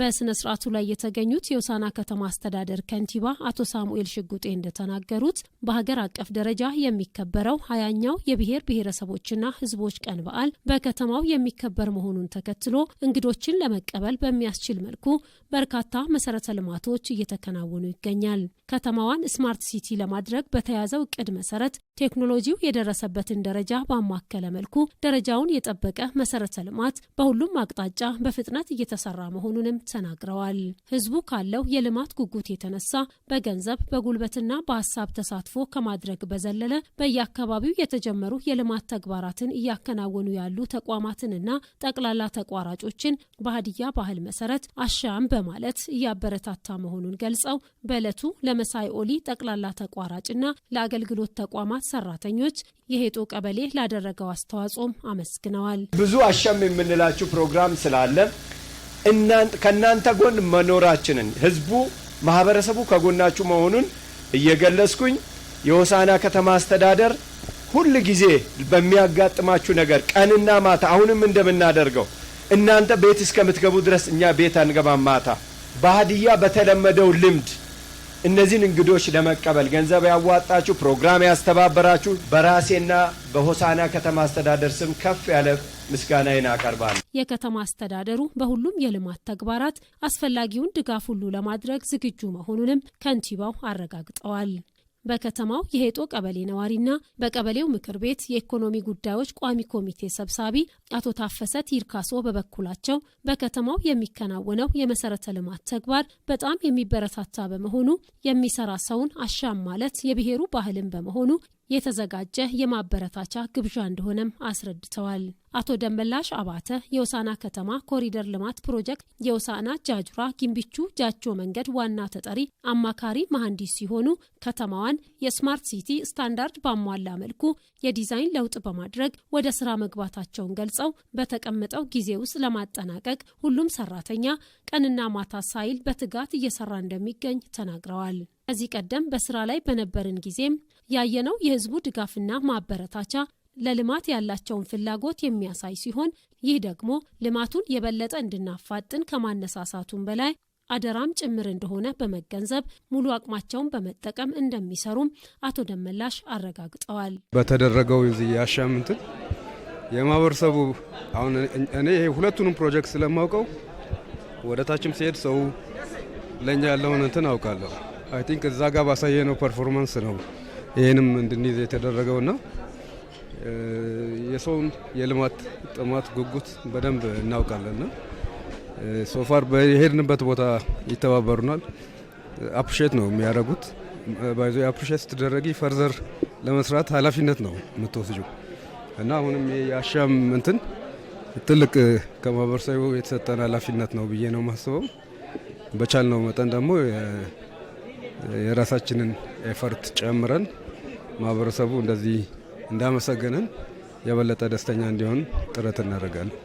በስነ ስርዓቱ ላይ የተገኙት የውሳና ከተማ አስተዳደር ከንቲባ አቶ ሳሙኤል ሽጉጤ እንደተናገሩት በሀገር አቀፍ ደረጃ የሚከበረው ሀያኛው የብሔር ብሔረሰቦችና ሕዝቦች ቀን በዓል በከተማው የሚከበር መሆኑን ተከትሎ እንግዶችን ለመቀበል በሚያስችል መልኩ በርካታ መሰረተ ልማቶች እየተከናወኑ ይገኛል። ከተማዋን ስማርት ሲቲ ለማድረግ በተያዘው እቅድ መሰረት ቴክኖሎጂው የደረሰበትን ደረጃ ባማከለ መልኩ ደረጃውን የጠበቀ መሰረተ ልማት በሁሉም አቅጣጫ በፍጥነት እየተሰራ መሆኑንም ተናግረዋል። ህዝቡ ካለው የልማት ጉጉት የተነሳ በገንዘብ በጉልበትና በሀሳብ ተሳትፎ ከማድረግ በዘለለ በየአካባቢው የተጀመሩ የልማት ተግባራትን እያከናወኑ ያሉ ተቋማትንና ጠቅላላ ተቋራጮችን በሀዲያ ባህል መሰረት አሻም በማለት እያበረታታ መሆኑን ገልጸው በዕለቱ ለመሳይ ኦሊ ጠቅላላ ተቋራጭና ለአገልግሎት ተቋማት ሰራተኞች የሄጦ ቀበሌ ላደረገው አስተዋጽኦም አመስግነዋል። ብዙ አሻም የምንላችሁ ፕሮግራም ስላለ ከእናንተ ጎን መኖራችንን ህዝቡ፣ ማህበረሰቡ ከጎናችሁ መሆኑን እየገለጽኩኝ የሆሳና ከተማ አስተዳደር ሁል ጊዜ በሚያጋጥማችሁ ነገር ቀንና ማታ አሁንም እንደምናደርገው እናንተ ቤት እስከምትገቡ ድረስ እኛ ቤት አንገባም። ማታ በሀዲያ በተለመደው ልምድ እነዚህን እንግዶች ለመቀበል ገንዘብ ያዋጣችሁ፣ ፕሮግራም ያስተባበራችሁ በራሴና በሆሳና ከተማ አስተዳደር ስም ከፍ ያለ ምስጋናዬን አቀርባለሁ። የከተማ አስተዳደሩ በሁሉም የልማት ተግባራት አስፈላጊውን ድጋፍ ሁሉ ለማድረግ ዝግጁ መሆኑንም ከንቲባው አረጋግጠዋል። በከተማው የሄጦ ቀበሌ ነዋሪና በቀበሌው ምክር ቤት የኢኮኖሚ ጉዳዮች ቋሚ ኮሚቴ ሰብሳቢ አቶ ታፈሰ ቲርካሶ በበኩላቸው በከተማው የሚከናወነው የመሰረተ ልማት ተግባር በጣም የሚበረታታ በመሆኑ የሚሰራ ሰውን አሻም ማለት የብሔሩ ባህልን በመሆኑ የተዘጋጀ የማበረታቻ ግብዣ እንደሆነም አስረድተዋል። አቶ ደመላሽ አባተ የውሳና ከተማ ኮሪደር ልማት ፕሮጀክት የውሳና ጃጅራ ጊምቢቹ ጃቾ መንገድ ዋና ተጠሪ አማካሪ መሐንዲስ ሲሆኑ ከተማዋን የስማርት ሲቲ ስታንዳርድ ባሟላ መልኩ የዲዛይን ለውጥ በማድረግ ወደ ስራ መግባታቸውን ገልጸው በተቀመጠው ጊዜ ውስጥ ለማጠናቀቅ ሁሉም ሰራተኛ ቀንና ማታ ሳይል በትጋት እየሰራ እንደሚገኝ ተናግረዋል። ከዚህ ቀደም በስራ ላይ በነበርን ጊዜም ያየነው የህዝቡ ድጋፍና ማበረታቻ ለልማት ያላቸውን ፍላጎት የሚያሳይ ሲሆን ይህ ደግሞ ልማቱን የበለጠ እንድናፋጥን ከማነሳሳቱም በላይ አደራም ጭምር እንደሆነ በመገንዘብ ሙሉ አቅማቸውን በመጠቀም እንደሚሰሩም አቶ ደመላሽ አረጋግጠዋል። በተደረገው ያሻምንትን የማህበረሰቡ አሁን እኔ ሁለቱንም ፕሮጀክት ስለማውቀው ወደታችም ሲሄድ ሰው ለእኛ ያለውን እንትን አውቃለሁ። አይ ቲንክ እዛ ጋር ባሳየነው ፐርፎርማንስ ነው ይህንም እንድንይዝ ና የሰውን የልማት ጥማት ጉጉት በደንብ እናውቃለን ሶፋር በሄድንበት ቦታ ይተባበሩናል። አፕሪሼት ነው የሚያደርጉት። ባይዞ አፕሪሼት ስትደረጊ ፈርዘር ለመስራት ኃላፊነት ነው የምትወስጂው እና አሁንም የአሻም እንትን ትልቅ ከማህበረሰቡ የተሰጠን ኃላፊነት ነው ብዬ ነው የማስበው። በቻልነው መጠን ደግሞ የራሳችንን ኤፈርት ጨምረን ማህበረሰቡ እንደዚህ እንዳመሰገነን የበለጠ ደስተኛ እንዲሆን ጥረት እናደርጋለን።